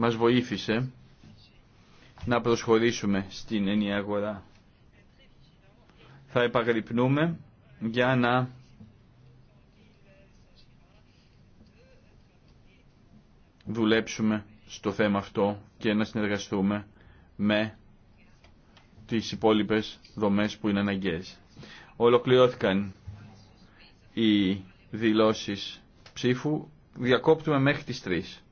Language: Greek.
μας βοήθησε να προσχωρήσουμε στην ενιαία αγορά. Θα επαγρυπνούμε για να δουλέψουμε στο θέμα αυτό και να συνεργαστούμε με τις υπόλοιπες δομές που είναι αναγκαίες. Ολοκληρώθηκαν οι δηλώσεις ψήφου. Διακόπτουμε μέχρι τις 3.